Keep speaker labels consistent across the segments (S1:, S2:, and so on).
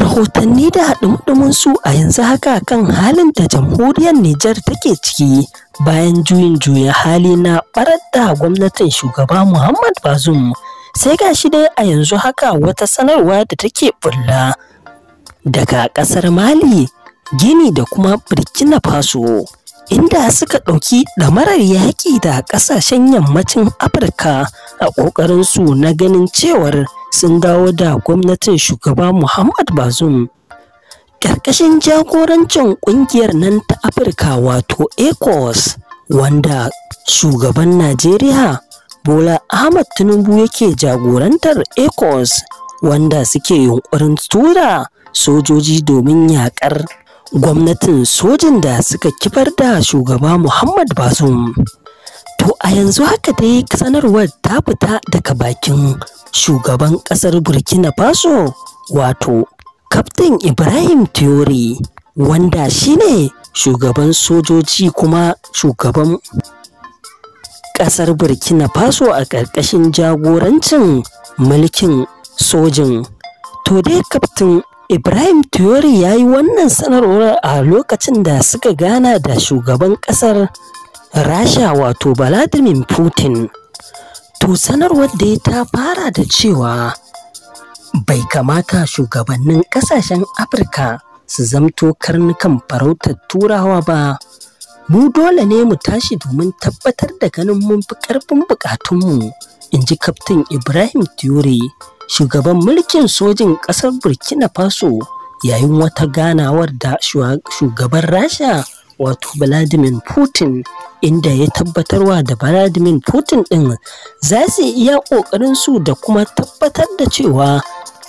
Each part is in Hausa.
S1: rahotanni da haɗumɗumin su a yanzu haka kan halin da jamhuriyar Nijar take ciki bayan juyin juya hali na ɓarar da gwamnatin shugaba Muhammad Bazoum sai ga shi dai a yanzu haka wata sanarwa da take bulla daga ƙasar Mali, Gini da kuma Burkina Faso. inda suka ɗauki ɗamarar yaƙi da ƙasashen yammacin Afirka a ƙoƙarinsu na ganin cewar sun dawo da gwamnatin shugaba Muhammad Bazoum. Ƙarƙashin jagorancin ƙungiyar nan ta Afirka wato ECOWAS wanda shugaban Najeriya Bola Ahmad Tinubu yake jagorantar ECOWAS wanda suke yunƙurin tura sojoji domin yaƙar gwamnatin sojin da suka kibar da shugaba Muhammad Bazoum. To a yanzu haka dai sanarwar ta fita daga bakin shugaban ƙasar Burkina Faso wato Kaftin Ibrahim Theory wanda shi ne shugaban sojoji kuma shugaban ƙasar Burkina Faso a ƙarƙashin jagorancin mulkin sojin. To dai Kaftin Ibrahim tiori ya yi wannan sanarwar a lokacin da suka gana da shugaban ƙasar Rasha wato Vladimir Putin. To sanarwar da ta fara da cewa bai kamata shugabannin ƙasashen Afirka su zamto karnukan farautar turawa ba. Mu dole ne mu tashi domin tabbatar da ganin mun fi ƙarfin buƙatunmu, in ji Kaftin Ibrahim tiori shugaban mulkin sojin ƙasar burkina faso yayin wata ganawar da shugaban rasha wato vladimir putin inda ya tabbatarwa da vladimir putin ɗin za su iya su da kuma tabbatar da cewa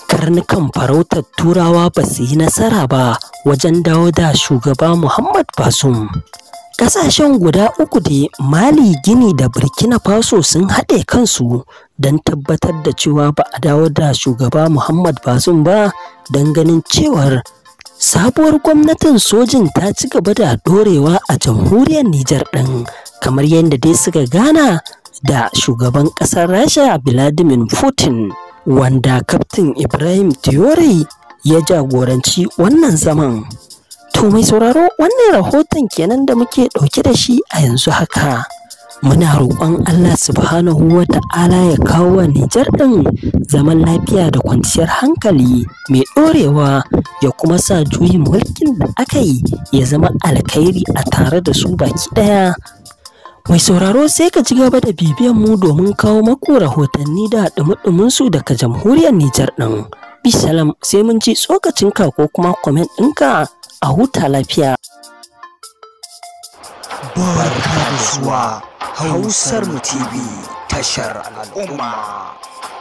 S1: karnukan farautar turawa ba su yi nasara ba wajen dawo da shugaba muhammad basum Ƙasashen guda uku da Mali, Gini da Burkina Faso sun haɗe kansu don tabbatar da cewa ba a dawo da shugaba Muhammad Bazum ba don ganin cewar sabuwar gwamnatin sojin ta ci gaba da dorewa a jamhuriyar Nijar ɗin kamar yadda dai suka gana da shugaban ƙasar Rasha Vladimir Putin wanda kaftin Ibrahim Traore ya jagoranci wannan zaman. To mai sauraro wannan rahoton kenan da muke ɗauke da shi a yanzu haka. muna roƙon Allah subhanahu wa ta'ala ya kawo wa Nijar ɗin zaman lafiya da kwanciyar hankali mai ɗorewa ya kuma sa juyin mulkin da aka yi ya zama alkhairi a tare da su baki ɗaya. Mai sauraro sai ka ci gaba da bibiyan mu domin kawo maku rahotanni da ɗumi su daga jamhuriyar Nijar ɗin. Bisalam sai mun ji ka ko kuma kwamen ɗinka a huta lafiya. Barka da zuwa. هوسر تي في تشر الأمة